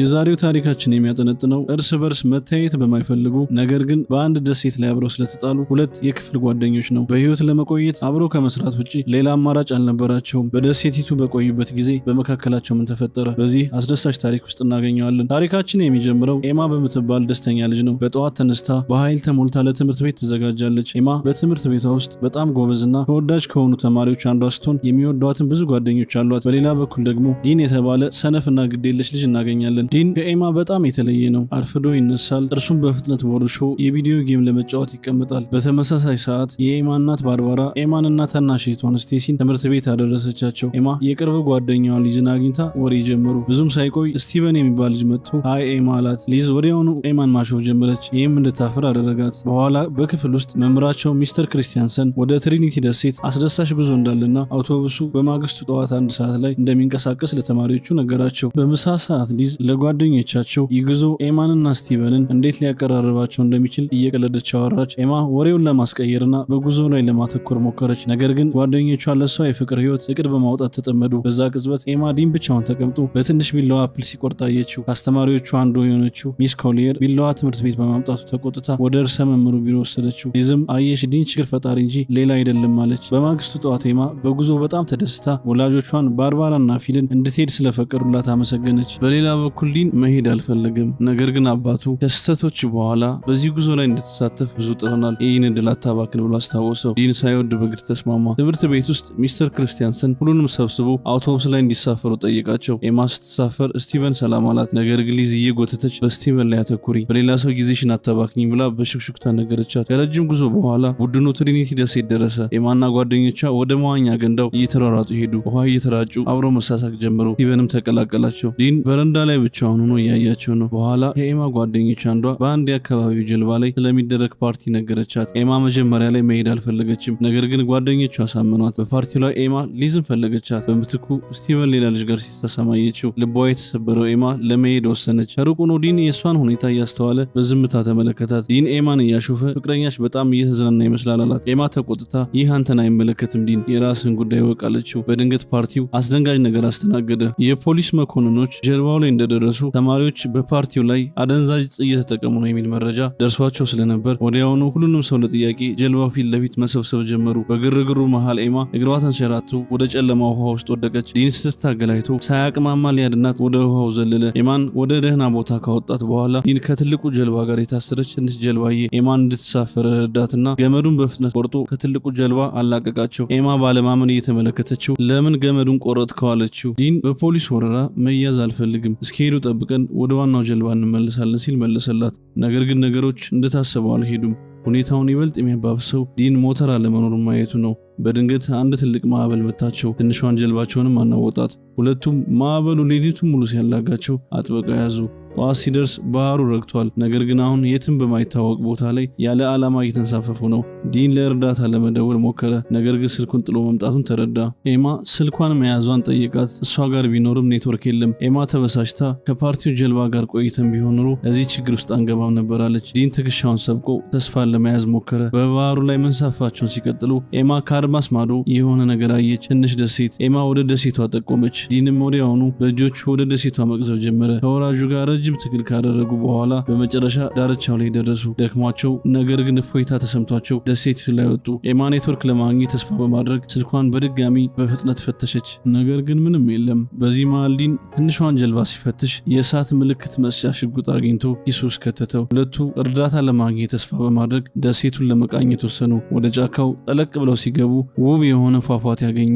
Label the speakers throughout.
Speaker 1: የዛሬው ታሪካችን የሚያጠነጥነው እርስ በርስ መተያየት በማይፈልጉ ነገር ግን በአንድ ደሴት ላይ አብረው ስለተጣሉ ሁለት የክፍል ጓደኞች ነው። በህይወት ለመቆየት አብረው ከመስራት ውጭ ሌላ አማራጭ አልነበራቸውም። በደሴቲቱ በቆዩበት ጊዜ በመካከላቸው ምን ተፈጠረ? በዚህ አስደሳች ታሪክ ውስጥ እናገኘዋለን። ታሪካችን የሚጀምረው ኤማ በምትባል ደስተኛ ልጅ ነው። በጠዋት ተነስታ በኃይል ተሞልታ ለትምህርት ቤት ትዘጋጃለች። ኤማ በትምህርት ቤቷ ውስጥ በጣም ጎበዝና ተወዳጅ ከሆኑ ተማሪዎች አንዷ ስትሆን የሚወዷትን ብዙ ጓደኞች አሏት። በሌላ በኩል ደግሞ ዲን የተባለ ሰነፍና ግዴለች ልጅ እናገኛለን። እንችላለን። ዲን ከኤማ በጣም የተለየ ነው። አርፍዶ ይነሳል። እርሱም በፍጥነት ወርሾ የቪዲዮ ጌም ለመጫወት ይቀመጣል። በተመሳሳይ ሰዓት የኤማ እናት ባርባራ ኤማን ኤማንና ታናሽቷን ስቴሲን ትምህርት ቤት አደረሰቻቸው። ኤማ የቅርብ ጓደኛዋን ሊዝን አግኝታ ወሬ ጀመሩ። ብዙም ሳይቆይ ስቲቨን የሚባል ልጅ መጥቶ ሀይ ኤማ አላት። ሊዝ ወዲያውኑ ኤማን ማሾፍ ጀመረች። ይህም እንድታፍር አደረጋት። በኋላ በክፍል ውስጥ መምህራቸው ሚስተር ክሪስቲያንሰን ወደ ትሪኒቲ ደሴት አስደሳች ጉዞ እንዳለና አውቶቡሱ በማግስቱ ጠዋት አንድ ሰዓት ላይ እንደሚንቀሳቀስ ለተማሪዎቹ ነገራቸው። በምሳ ሰዓት ሊዝ ለጓደኞቻቸው ይግዞ ኤማንና ስቲቨንን እንዴት ሊያቀራርባቸው እንደሚችል እየቀለደች አወራች። ኤማ ወሬውን ለማስቀየርና በጉዞ ላይ ለማተኮር ሞከረች። ነገር ግን ጓደኞቿ ለሷ የፍቅር ህይወት እቅድ በማውጣት ተጠመዱ። በዛ ቅጽበት ኤማ ዲን ብቻውን ተቀምጦ በትንሽ ቢላዋ አፕል ሲቆርጥ አየችው። ከአስተማሪዎቹ አንዱ የሆነችው ሚስ ኮሊየር ቢላዋ ትምህርት ቤት በማምጣቱ ተቆጥታ ወደ እርሰ መምሩ ቢሮ ወሰደችው። ሊዝም አየሽ ዲን ችግር ፈጣሪ እንጂ ሌላ አይደለም አለች። በማግስቱ ጠዋት ኤማ በጉዞ በጣም ተደስታ ወላጆቿን ባርባራና ፊልን እንድትሄድ ስለፈቀዱላት አመሰገነች። በሌላ በኩል በኩሊን መሄድ አልፈለገም። ነገር ግን አባቱ ከስህተቶች በኋላ በዚህ ጉዞ ላይ እንድትሳተፍ ብዙ ጥረናል፣ ይህን እድል አታባክን ብሎ አስታወሰው። ዲን ሳይወድ በግድ ተስማማ። ትምህርት ቤት ውስጥ ሚስተር ክርስቲያንሰን ሁሉንም ሰብስቦ አውቶቡስ ላይ እንዲሳፈሩ ጠየቃቸው። ኤማ ስትሳፈር ስቲቨን ሰላም አላት። ነገር ግን ሊዝዬ እየጎተተች በስቲቨን ላይ አተኩሪ፣ በሌላ ሰው ጊዜሽን አታባክኝ ብላ በሽክሽክታ ነገረቻት። ከረጅም ጉዞ በኋላ ቡድኑ ትሪኒቲ ደሴት ደረሰ። ኤማና ጓደኞቿ ወደ መዋኛ ገንዳው እየተሯሯጡ ሄዱ። ውሃ እየተራጩ አብረው መሳሳቅ ጀመሩ። ስቲቨንም ተቀላቀላቸው። ዲን በረንዳ ላይ ብቻውን ሆኖ እያያቸው ነው። በኋላ ከኤማ ጓደኞች አንዷ በአንድ የአካባቢው ጀልባ ላይ ስለሚደረግ ፓርቲ ነገረቻት። ኤማ መጀመሪያ ላይ መሄድ አልፈለገችም፣ ነገር ግን ጓደኞቹ አሳምኗት በፓርቲው ላይ ኤማ ሊዝም ፈለገቻት። በምትኩ ስቲቨን ሌላ ልጅ ጋር ሲተሰማየችው ልቧ የተሰበረው ኤማ ለመሄድ ወሰነች። ከሩቁ ነው ዲን የእሷን ሁኔታ እያስተዋለ በዝምታ ተመለከታት። ዲን ኤማን እያሾፈ ፍቅረኛሽ በጣም እየተዝናና ይመስላል አላት። ኤማ ተቆጥታ ይህ አንተን አይመለከትም ዲን፣ የራስን ጉዳይ ወቃለችው። በድንገት ፓርቲው አስደንጋጭ ነገር አስተናገደ። የፖሊስ መኮንኖች ጀልባው ላይ እንደ እንደደረሱ ተማሪዎች በፓርቲው ላይ አደንዛዥ እጽ እየተጠቀሙ ነው የሚል መረጃ ደርሷቸው ስለነበር ወዲያውኑ ሁሉንም ሰው ለጥያቄ ጀልባው ፊት ለፊት መሰብሰብ ጀመሩ። በግርግሩ መሃል ኤማ እግሯ ተንሸራቶ ወደ ጨለማ ውሃ ውስጥ ወደቀች። ዲን ስትታገላይቶ ሳያቅማማ ሊያድናት ወደ ውሃው ዘለለ። ኤማን ወደ ደህና ቦታ ካወጣት በኋላ ዲን ከትልቁ ጀልባ ጋር የታሰረች ትንሽ ጀልባዬ ኤማን እንድትሳፈረ ረዳትና ገመዱን በፍጥነት ቆርጦ ከትልቁ ጀልባ አላቀቃቸው። ኤማ ባለማመን እየተመለከተችው ለምን ገመዱን ቆረጥ ከዋለችው ዲን በፖሊስ ወረራ መያዝ አልፈልግም እስኪ እስኪሄዱ ጠብቀን ወደ ዋናው ጀልባ እንመለሳለን ሲል መለሰላት። ነገር ግን ነገሮች እንደታሰበው አልሄዱም። ሁኔታውን ይበልጥ የሚያባብሰው ዲን ሞተር አለመኖሩ ማየቱ ነው። በድንገት አንድ ትልቅ ማዕበል መታቸው፣ ትንሿን ጀልባቸውንም አናወጣት። ሁለቱም ማዕበሉ ሌሊቱ ሙሉ ሲያላጋቸው አጥበቃ ያዙ። ጠዋት ሲደርስ ባህሩ ረግቷል። ነገር ግን አሁን የትም በማይታወቅ ቦታ ላይ ያለ ዓላማ እየተንሳፈፉ ነው። ዲን ለእርዳታ ለመደወል ሞከረ፣ ነገር ግን ስልኩን ጥሎ መምጣቱን ተረዳ። ኤማ ስልኳን መያዟን ጠየቃት። እሷ ጋር ቢኖርም ኔትወርክ የለም። ኤማ ተበሳጭታ ከፓርቲው ጀልባ ጋር ቆይተን ቢሆን ኑሮ እዚህ ችግር ውስጥ አንገባም ነበራለች። ዲን ትከሻውን ሰብቆ ተስፋን ለመያዝ ሞከረ። በባህሩ ላይ መንሳፋቸውን ሲቀጥሉ ኤማ ከአድማስ ማዶ የሆነ ነገር አየች። ትንሽ ደሴት። ኤማ ወደ ደሴቷ ጠቆመች። ዲንም ወዲያውኑ በእጆቹ ወደ ደሴቷ መቅዘብ ጀመረ። ከወራጁ ጋር ረጅም ትግል ካደረጉ በኋላ በመጨረሻ ዳርቻው ላይ ደረሱ። ደክሟቸው፣ ነገር ግን እፎይታ ተሰምቷቸው ደሴት ላይ ወጡ። ኤማ ኔትወርክ ለማግኘት ተስፋ በማድረግ ስልኳን በድጋሚ በፍጥነት ፈተሸች። ነገር ግን ምንም የለም። በዚህ መሃል ዲን ትንሿን ጀልባ ሲፈትሽ የእሳት ምልክት መስጫ ሽጉጥ አግኝቶ ኪሱ ውስጥ ከተተው። ሁለቱ እርዳታ ለማግኘት ተስፋ በማድረግ ደሴቱን ለመቃኘት ወሰኑ። ወደ ጫካው ጠለቅ ብለው ሲገቡ ውብ የሆነ ፏፏቴ ያገኙ።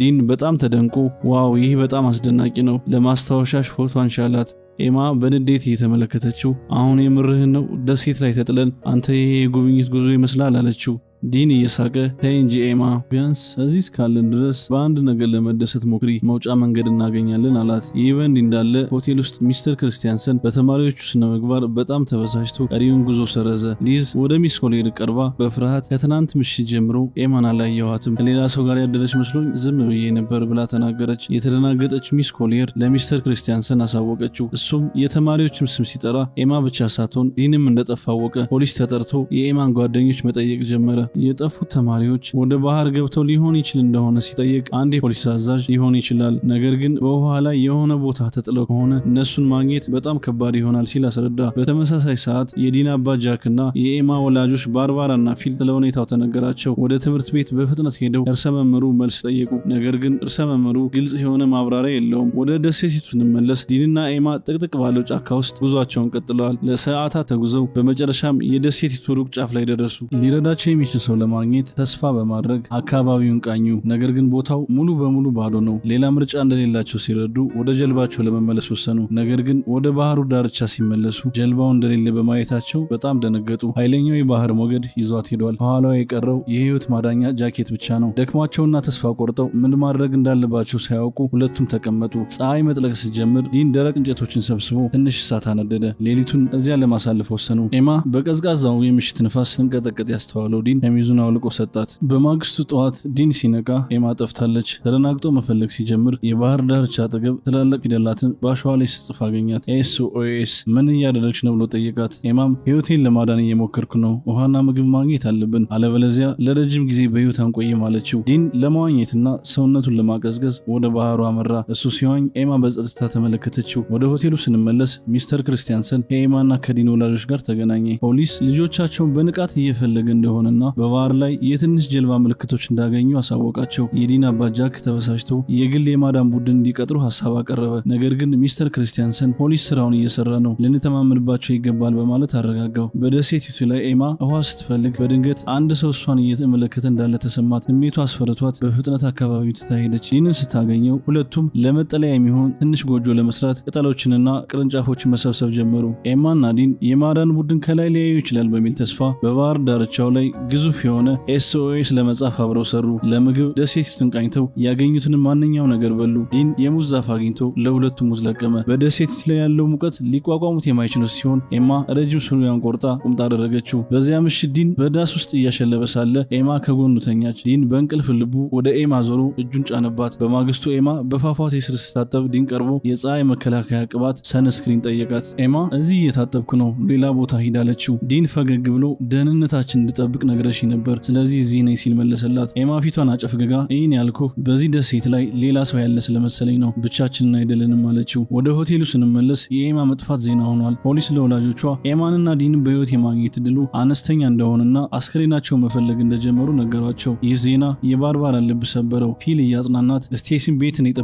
Speaker 1: ዲን በጣም ተደንቆ ዋው ይህ በጣም አስደናቂ ነው፣ ለማስታወሻሽ ፎቶ አንሻላት። ኤማ በንዴት እየተመለከተችው አሁን የምርህን ነው? ደሴት ላይ ተጥለን አንተ ይሄ የጉብኝት ጉዞ ይመስላል አለችው። ዲን እየሳቀ ተይ እንጂ ኤማ፣ ቢያንስ እዚህ እስካለን ድረስ በአንድ ነገር ለመደሰት ሞክሪ፣ መውጫ መንገድ እናገኛለን አላት። ይህ በእንዲህ እንዳለ ሆቴል ውስጥ ሚስተር ክርስቲያንሰን በተማሪዎቹ ስነምግባር በጣም ተበሳጭቶ ቀሪውን ጉዞ ሰረዘ። ሊዝ ወደ ሚስ ኮሌድ ቀርባ በፍርሃት ከትናንት ምሽት ጀምሮ ኤማን አላየኋትም ከሌላ ሰው ጋር ያደረች መስሎኝ ዝም ብዬ ነበር ብላ ተናገረች። የተደናገጠች ሚስ ኮሌር ለሚስተር ክርስቲያንሰን አሳወቀችው። እሱም የተማሪዎችም ስም ሲጠራ ኤማ ብቻ ሳትሆን ዲንም እንደጠፋ አወቀ። ፖሊስ ተጠርቶ የኤማን ጓደኞች መጠየቅ ጀመረ። የጠፉት ተማሪዎች ወደ ባህር ገብተው ሊሆን ይችል እንደሆነ ሲጠይቅ አንድ የፖሊስ አዛዥ ሊሆን ይችላል፣ ነገር ግን በውሃ ላይ የሆነ ቦታ ተጥለው ከሆነ እነሱን ማግኘት በጣም ከባድ ይሆናል ሲል አስረዳ። በተመሳሳይ ሰዓት የዲና ጃክ እና የኤማ ወላጆች ባርባራና ፊል ስለ ሁኔታው ተነገራቸው። ወደ ትምህርት ቤት በፍጥነት ሄደው እርሰ መምሩ መልስ ጠየቁ። ነገር ግን እርሰ መምሩ ግልጽ የሆነ ማብራሪያ የለውም። ወደ ደሴቲቱ ስንመለስ ዲንና ኤማ ጥቅጥቅ ባለው ጫካ ውስጥ ጉዟቸውን ቀጥለዋል። ለሰዓታት ተጉዘው በመጨረሻም የደሴቲቱ ሩቅ ጫፍ ላይ ደረሱ። ሊረዳቸው የሚችል ሰው ለማግኘት ተስፋ በማድረግ አካባቢውን ቃኙ። ነገር ግን ቦታው ሙሉ በሙሉ ባዶ ነው። ሌላ ምርጫ እንደሌላቸው ሲረዱ ወደ ጀልባቸው ለመመለስ ወሰኑ። ነገር ግን ወደ ባህሩ ዳርቻ ሲመለሱ ጀልባው እንደሌለ በማየታቸው በጣም ደነገጡ። ኃይለኛው የባህር ሞገድ ይዟት ሄዷል። ከኋላዋ የቀረው የህይወት ማዳኛ ጃኬት ብቻ ነው። ደክሟቸውና ተስፋ ቆርጠው ምን ማድረግ እንዳለባቸው ሳያውቁ ሁለቱም ተቀመጡ። ፀሐይ መጥለቅ ስትጀምር ዲን ደረቅ እንጨቶችን ሰብስቦ ትንሽ እሳት አነደደ። ሌሊቱን እዚያ ለማሳለፍ ወሰኑ። ኤማ በቀዝቃዛው የምሽት ንፋስ ትንቀጠቀጥ ያስተዋለው ዲን ሸሚዙን አውልቆ ሰጣት። በማግስቱ ጠዋት ዲን ሲነቃ ኤማ ጠፍታለች። ተደናግጦ መፈለግ ሲጀምር የባህር ዳርቻ አጠገብ ትላልቅ ፊደላትን በአሸዋ ላይ ስጽፍ አገኛት። ኤስኦኤስ ምን እያደረግሽ ነው ብሎ ጠየቃት። ኤማም ህይወቴን ለማዳን እየሞከርኩ ነው፣ ውሃና ምግብ ማግኘት አለብን፣ አለበለዚያ ለረጅም ጊዜ በሕይወት አንቆይም አለችው። ዲን ለመዋኘትና ሰውነቱን ለማቀዝቀዝ ወደ ባህሩ አመራ። እሱ ሲዋኝ ኤማ በጸጥታ ተመለከተችው። ወደ ሆቴሉ ስንመለስ ሚስተር ክርስቲያንሰን ከኤማና ከዲን ወላጆች ጋር ተገናኘ። ፖሊስ ልጆቻቸውን በንቃት እየፈለገ እንደሆነና በባህር ላይ የትንሽ ጀልባ ምልክቶች እንዳገኙ አሳወቃቸው። የዲን አባጃክ ተበሳጭቶ የግል የማዳን ቡድን እንዲቀጥሩ ሀሳብ አቀረበ። ነገር ግን ሚስተር ክርስቲያንሰን ፖሊስ ስራውን እየሰራ ነው፣ ልንተማመንባቸው ይገባል በማለት አረጋጋው። በደሴቲቱ ላይ ኤማ ውሃ ስትፈልግ በድንገት አንድ ሰው እሷን እየተመለከተ እንዳለ ተሰማት። ስሜቱ አስፈርቷት በፍጥነት አካባቢ ትታሄደች። ዲንን ስታገኘው ሁለቱም ለመጠለያ የሚሆን ትንሽ ጎጆ ለመስራት ቅጠሎችንና ቅርንጫፎችን መሰብሰብ ጀመሩ። ኤማና ዲን የማዳን ቡድን ከላይ ሊያዩ ይችላል በሚል ተስፋ በባህር ዳርቻው ላይ ግዙ ግዙፍ የሆነ ኤስኦኤስ ለመጻፍ አብረው ሰሩ። ለምግብ ደሴቲቱን ቃኝተው ያገኙትን ማንኛው ነገር በሉ። ዲን የሙዝ ዛፍ አግኝቶ ለሁለቱ ሙዝ ለቀመ። በደሴቲቱ ላይ ያለው ሙቀት ሊቋቋሙት የማይችሉት ሲሆን ኤማ ረጅም ሱሪያን ቆርጣ ቁምጣ አደረገችው። በዚያ ምሽት ዲን በዳስ ውስጥ እያሸለበ ሳለ ኤማ ከጎኑ ተኛች። ዲን በእንቅልፍ ልቡ ወደ ኤማ ዞሮ እጁን ጫነባት። በማግስቱ ኤማ በፏፏቴ ስር ስታጠብ ዲን ቀርቦ የፀሐይ መከላከያ ቅባት ሰንስክሪን ጠየቃት። ኤማ እዚህ እየታጠብኩ ነው፣ ሌላ ቦታ ሂዳለችው። ዲን ፈገግ ብሎ ደህንነታችን እንድጠብቅ ነግረች ተመልሰሽ ነበር፣ ስለዚህ እዚህ ነኝ ሲል መለሰላት። ኤማ ፊቷን አጨፍግጋ ይህን ያልኩ በዚህ ደሴት ላይ ሌላ ሰው ያለ ስለመሰለኝ ነው፣ ብቻችንን አይደለንም አለችው። ወደ ሆቴሉ ስንመለስ የኤማ መጥፋት ዜና ሆኗል። ፖሊስ ለወላጆቿ ኤማንና ዲን በህይወት የማግኘት እድሉ አነስተኛ እንደሆነና አስክሬናቸው መፈለግ እንደጀመሩ ነገሯቸው። ይህ ዜና የባርባራ ልብ ሰበረው። ፊል እያጽናናት ስቴሲን ቤትን እኔ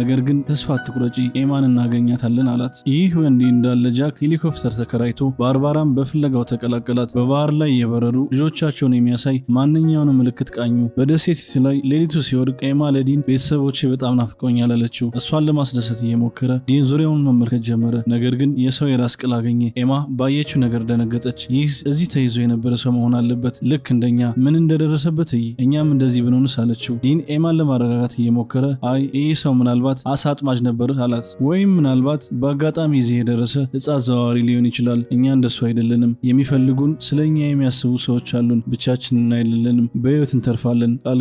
Speaker 1: ነገር ግን ተስፋ ትቁረጪ ኤማን እናገኛታለን አላት። ይህ ወንዴ እንዳለ ጃክ ሄሊኮፕተር ተከራይቶ ባርባራም በፍለጋው ተቀላቀላት። በባህር ላይ የበረሩ ልጆች ልጆቻቸውን የሚያሳይ ማንኛውንም ምልክት ቃኙ። በደሴት ላይ ሌሊቱ ሲወድቅ ኤማ ለዲን ቤተሰቦቼ በጣም ናፍቀውኛል አለችው። እሷን ለማስደሰት እየሞከረ ዲን ዙሪያውን መመልከት ጀመረ። ነገር ግን የሰው የራስ ቅል አገኘ። ኤማ ባየችው ነገር ደነገጠች። ይህ እዚህ ተይዞ የነበረ ሰው መሆን አለበት፣ ልክ እንደኛ። ምን እንደደረሰበት እይ፣ እኛም እንደዚህ ብንሆንስ አለችው። ዲን ኤማን ለማረጋጋት እየሞከረ አይ ይህ ሰው ምናልባት አሳ አጥማጅ ነበር አላት። ወይም ምናልባት በአጋጣሚ እዚህ የደረሰ እጽ አዘዋዋሪ ሊሆን ይችላል። እኛ እንደሱ አይደለንም። የሚፈልጉን ስለኛ የሚያስቡ ሰዎች አሉ። አሉን። ብቻችን እናይልልንም በህይወት እንተርፋለን፣ ቃል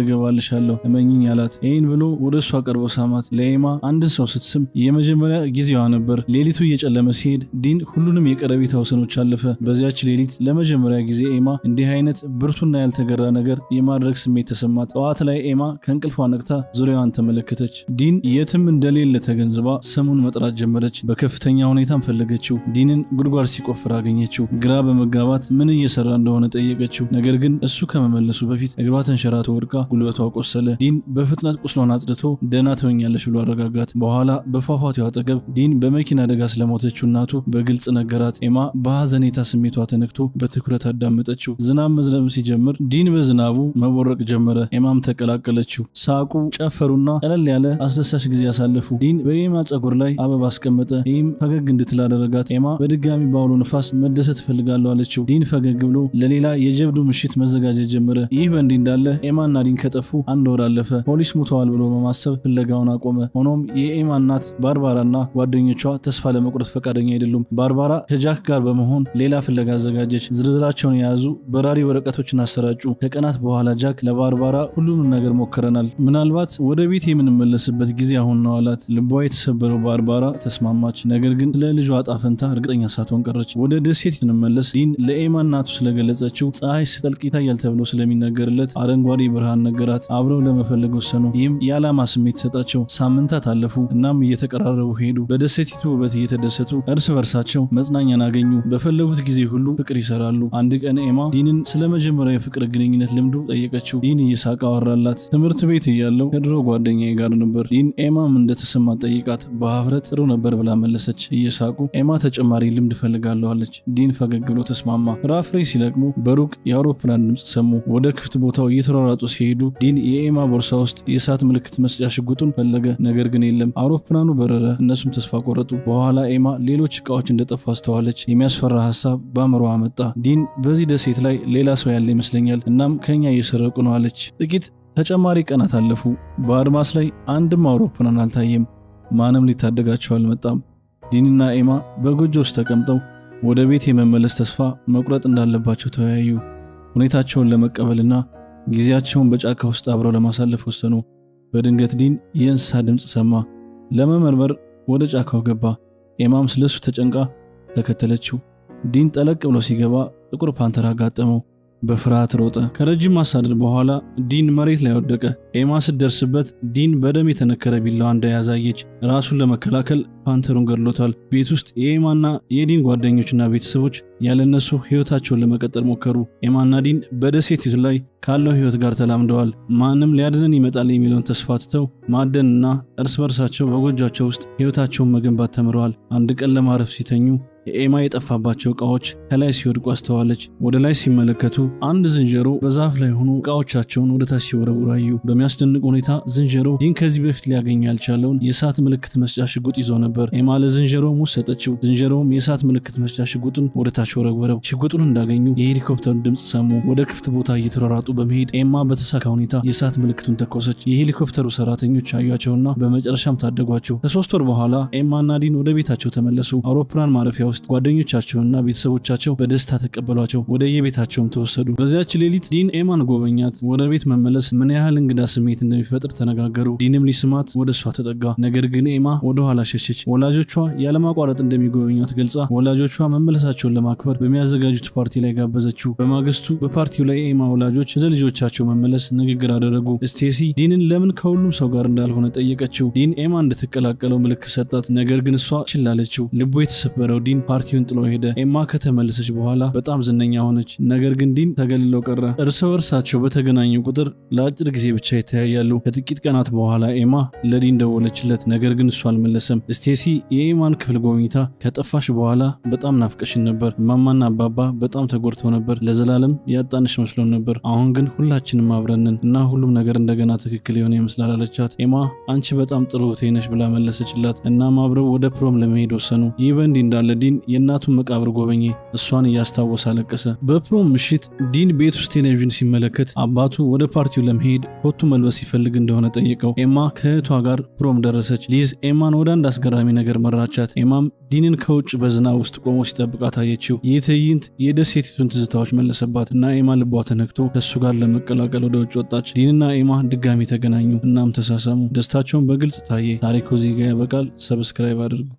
Speaker 1: እመኝኝ አላት። ይህን ብሎ ወደ እሷ ቀርቦ ሳማት። ለኤማ አንድን ሰው ስትስም የመጀመሪያ ጊዜዋ ነበር። ሌሊቱ እየጨለመ ሲሄድ ዲን ሁሉንም የቀረቤታ ወሰኖች አለፈ። በዚያች ሌሊት ለመጀመሪያ ጊዜ ኤማ እንዲህ አይነት ብርቱና ያልተገራ ነገር የማድረግ ስሜት ተሰማት። ጠዋት ላይ ኤማ ከእንቅልፏ ነቅታ ዙሪያዋን ተመለከተች። ዲን የትም እንደሌለ ተገንዝባ ስሙን መጥራት ጀመረች። በከፍተኛ ሁኔታም ፈለገችው። ዲንን ጉድጓድ ሲቆፍር አገኘችው። ግራ በመጋባት ምን እየሰራ እንደሆነ ጠየቀችው። ነገር ግን እሱ ከመመለሱ በፊት እግሯ ተንሸራቶ ወድቃ ጉልበቷ ቆሰለ። ዲን በፍጥነት ቁስሏን አጽድቶ ደህና ትሆኛለች ብሎ አረጋጋት። በኋላ በፏፏቴው አጠገብ ዲን በመኪና አደጋ ስለሞተችው እናቱ በግልጽ ነገራት። ኤማ በሐዘኔታ ስሜቷ ተነክቶ በትኩረት አዳመጠችው። ዝናብ መዝነብ ሲጀምር ዲን በዝናቡ መቦረቅ ጀመረ። ኤማም ተቀላቀለችው። ሳቁ፣ ጨፈሩና ቀለል ያለ አስደሳች ጊዜ ያሳለፉ። ዲን በኤማ ጸጉር ላይ አበባ አስቀመጠ። ይህም ፈገግ እንድትል አደረጋት። ኤማ በድጋሚ በአውሎ ንፋስ መደሰት እፈልጋለሁ አለችው። ዲን ፈገግ ብሎ ለሌላ የጀብዱ ምሽት መዘጋጀት ጀመረ። ይህ በእንዲህ እንዳለ ኤማና ዲን ከጠፉ አንድ ወር አለፈ። ፖሊስ ሙተዋል ብሎ በማሰብ ፍለጋውን አቆመ። ሆኖም የኤማ እናት ባርባራና ጓደኞቿ ተስፋ ለመቁረጥ ፈቃደኛ አይደሉም። ባርባራ ከጃክ ጋር በመሆን ሌላ ፍለጋ አዘጋጀች። ዝርዝራቸውን የያዙ በራሪ ወረቀቶችን አሰራጩ። ከቀናት በኋላ ጃክ ለባርባራ ሁሉንም ነገር ሞክረናል፣ ምናልባት ወደ ቤት የምንመለስበት ጊዜ አሁን ነው አላት። ልቧ የተሰበረው ባርባራ ተስማማች። ነገር ግን ስለ ልጇ ጣፈንታ እርግጠኛ ሳትሆን ቀረች። ወደ ደሴት ስንመለስ ዲን ለኤማ እናቱ ስለገለጸችው ፀሐይ ጠልቅ ይታያል ተብሎ ስለሚነገርለት አረንጓዴ ብርሃን ነገራት። አብረው ለመፈለግ ወሰኑ። ይህም የዓላማ ስሜት ሰጣቸው። ሳምንታት አለፉ። እናም እየተቀራረቡ ሄዱ። በደሴቲቱ ውበት እየተደሰቱ እርስ በርሳቸው መጽናኛን አገኙ። በፈለጉት ጊዜ ሁሉ ፍቅር ይሰራሉ። አንድ ቀን ኤማ ዲንን ስለ መጀመሪያ የፍቅር ግንኙነት ልምዱ ጠየቀችው። ዲን እየሳቀ አወራላት። ትምህርት ቤት እያለው ከድሮ ጓደኛዬ ጋር ነበር። ዲን ኤማም እንደተሰማ ጠይቃት። በሀፍረት ጥሩ ነበር ብላ መለሰች። እየሳቁ ኤማ ተጨማሪ ልምድ ፈልጋለዋለች። ዲን ፈገግ ብሎ ተስማማ። ፍራፍሬ ሲለቅሙ በሩቅ የአውሮ የአውሮፕላን ድምፅ ሰሙ። ወደ ክፍት ቦታው እየተሯሯጡ ሲሄዱ ዲን የኤማ ቦርሳ ውስጥ የእሳት ምልክት መስጫ ሽጉጡን ፈለገ፣ ነገር ግን የለም። አውሮፕላኑ በረረ፣ እነሱም ተስፋ ቆረጡ። በኋላ ኤማ ሌሎች እቃዎች እንደጠፉ አስተዋለች። የሚያስፈራ ሀሳብ በአእምሮ መጣ። ዲን በዚህ ደሴት ላይ ሌላ ሰው ያለ ይመስለኛል፣ እናም ከኛ እየሰረቁ ነው አለች። ጥቂት ተጨማሪ ቀናት አለፉ። በአድማስ ላይ አንድም አውሮፕላን አልታየም። ማንም ሊታደጋቸው አልመጣም። ዲንና ኤማ በጎጆ ውስጥ ተቀምጠው ወደ ቤት የመመለስ ተስፋ መቁረጥ እንዳለባቸው ተወያዩ። ሁኔታቸውን ለመቀበልና ጊዜያቸውን በጫካ ውስጥ አብረው ለማሳለፍ ወሰኑ። በድንገት ዲን የእንስሳ ድምፅ ሰማ። ለመመርመር ወደ ጫካው ገባ። ኤማም ስለሱ ተጨንቃ ተከተለችው። ዲን ጠለቅ ብሎ ሲገባ ጥቁር ፓንተር አጋጠመው። በፍርሃት ሮጠ። ከረጅም ማሳደድ በኋላ ዲን መሬት ላይ ወደቀ። ኤማ ስትደርስበት ዲን በደም የተነከረ ቢላዋ እንደያዛየች ራሱን ለመከላከል ፓንተሩን ገድሎታል። ቤት ውስጥ የኤማና የዲን ጓደኞችና ቤተሰቦች ያለነሱ ሕይወታቸውን ለመቀጠል ሞከሩ። ኤማና ዲን በደሴቲቱ ላይ ካለው ሕይወት ጋር ተላምደዋል። ማንም ሊያድነን ይመጣል የሚለውን ተስፋ ትተው ማደንና እርስ በርሳቸው በጎጇቸው ውስጥ ሕይወታቸውን መገንባት ተምረዋል። አንድ ቀን ለማረፍ ሲተኙ የኤማ የጠፋባቸው እቃዎች ከላይ ሲወድቁ አስተዋለች። ወደ ላይ ሲመለከቱ አንድ ዝንጀሮ በዛፍ ላይ ሆኖ እቃዎቻቸውን ወደ ታች ሲወረውር አዩ። በሚያስደንቅ ሁኔታ ዝንጀሮ ዲን ከዚህ በፊት ሊያገኝ ያልቻለውን የእሳት ምልክት መስጫ ሽጉጥ ይዞ ነበር። ኤማ ለዝንጀሮ ሙስ ሰጠችው። ዝንጀሮውም የእሳት ምልክት መስጫ ሽጉጡን ወደ ታች ወረወረው። ሽጉጡን እንዳገኙ የሄሊኮፕተሩ ድምፅ ሰሙ። ወደ ክፍት ቦታ እየተሯሯጡ በመሄድ ኤማ በተሳካ ሁኔታ የእሳት ምልክቱን ተኮሰች። የሄሊኮፕተሩ ሰራተኞች አያቸውና በመጨረሻም ታደጓቸው። ከሶስት ወር በኋላ ኤማና ዲን ወደ ቤታቸው ተመለሱ። አውሮፕላን ማረፊያ ውስጥ ጓደኞቻቸውና ቤተሰቦቻቸው በደስታ ተቀበሏቸው። ወደ የቤታቸውም ተወሰዱ። በዚያች ሌሊት ዲን ኤማን ጎበኛት። ወደ ቤት መመለስ ምን ያህል እንግዳ ስሜት እንደሚፈጥር ተነጋገሩ። ዲንም ሊስማት ወደ እሷ ተጠጋ። ነገር ግን ኤማ ወደ ኋላ ሸሸች። ወላጆቿ ያለማቋረጥ እንደሚጎበኛት ገልጻ ወላጆቿ መመለሳቸውን ለማክበር በሚያዘጋጁት ፓርቲ ላይ ጋበዘችው። በማግስቱ በፓርቲው ላይ ኤማ ወላጆች ስለ ልጆቻቸው መመለስ ንግግር አደረጉ። ስቴሲ ዲንን ለምን ከሁሉም ሰው ጋር እንዳልሆነ ጠየቀችው። ዲን ኤማ እንደተቀላቀለው ምልክት ሰጣት። ነገር ግን እሷ ችላለችው። ልቡ የተሰበረው ዲን ፓርቲውን ጥሎ ሄደ። ኤማ ከተመለሰች በኋላ በጣም ዝነኛ ሆነች። ነገር ግን ዲን ተገልሎ ቀረ። እርስ በርሳቸው በተገናኙ ቁጥር ለአጭር ጊዜ ብቻ ይተያያሉ። ከጥቂት ቀናት በኋላ ኤማ ለዲን ደወለችለት፣ ነገር ግን እሱ አልመለሰም። ስቴሲ የኤማን ክፍል ጎብኝታ ከጠፋሽ በኋላ በጣም ናፍቀሽን ነበር። እማማና አባባ በጣም ተጎድተው ነበር። ለዘላለም ያጣንሽ መስሎን ነበር። አሁን ግን ሁላችንም አብረንን እና ሁሉም ነገር እንደገና ትክክል የሆነ ይመስላል አለቻት። ኤማ አንቺ በጣም ጥሩ እህቴ ብላ መለሰችላት። እናም አብረው ወደ ፕሮም ለመሄድ ወሰኑ። ይህ በእንዲህ እንዳለ ዲን ዲን የእናቱን መቃብር ጎበኘ። እሷን እያስታወሰ አለቀሰ። በፕሮም ምሽት ዲን ቤት ውስጥ ቴሌቪዥን ሲመለከት አባቱ ወደ ፓርቲው ለመሄድ ኮቱ መልበስ ሲፈልግ እንደሆነ ጠየቀው። ኤማ ከእህቷ ጋር ፕሮም ደረሰች። ሊዝ ኤማን ወደ አንድ አስገራሚ ነገር መራቻት። ኤማም ዲንን ከውጭ በዝናብ ውስጥ ቆሞ ሲጠብቃት አየችው። ይህ ትዕይንት የደሴቲቱን ትዝታዎች መለሰባት እና ኤማ ልቧ ተነክቶ ከእሱ ጋር ለመቀላቀል ወደ ውጭ ወጣች። ዲንና ኤማ ድጋሚ ተገናኙ፣ እናም ተሳሳሙ። ደስታቸውን በግልጽ ታየ። ታሪኩ እዚህ ጋ ያበቃል። ሰብስክራይብ አድርጉ።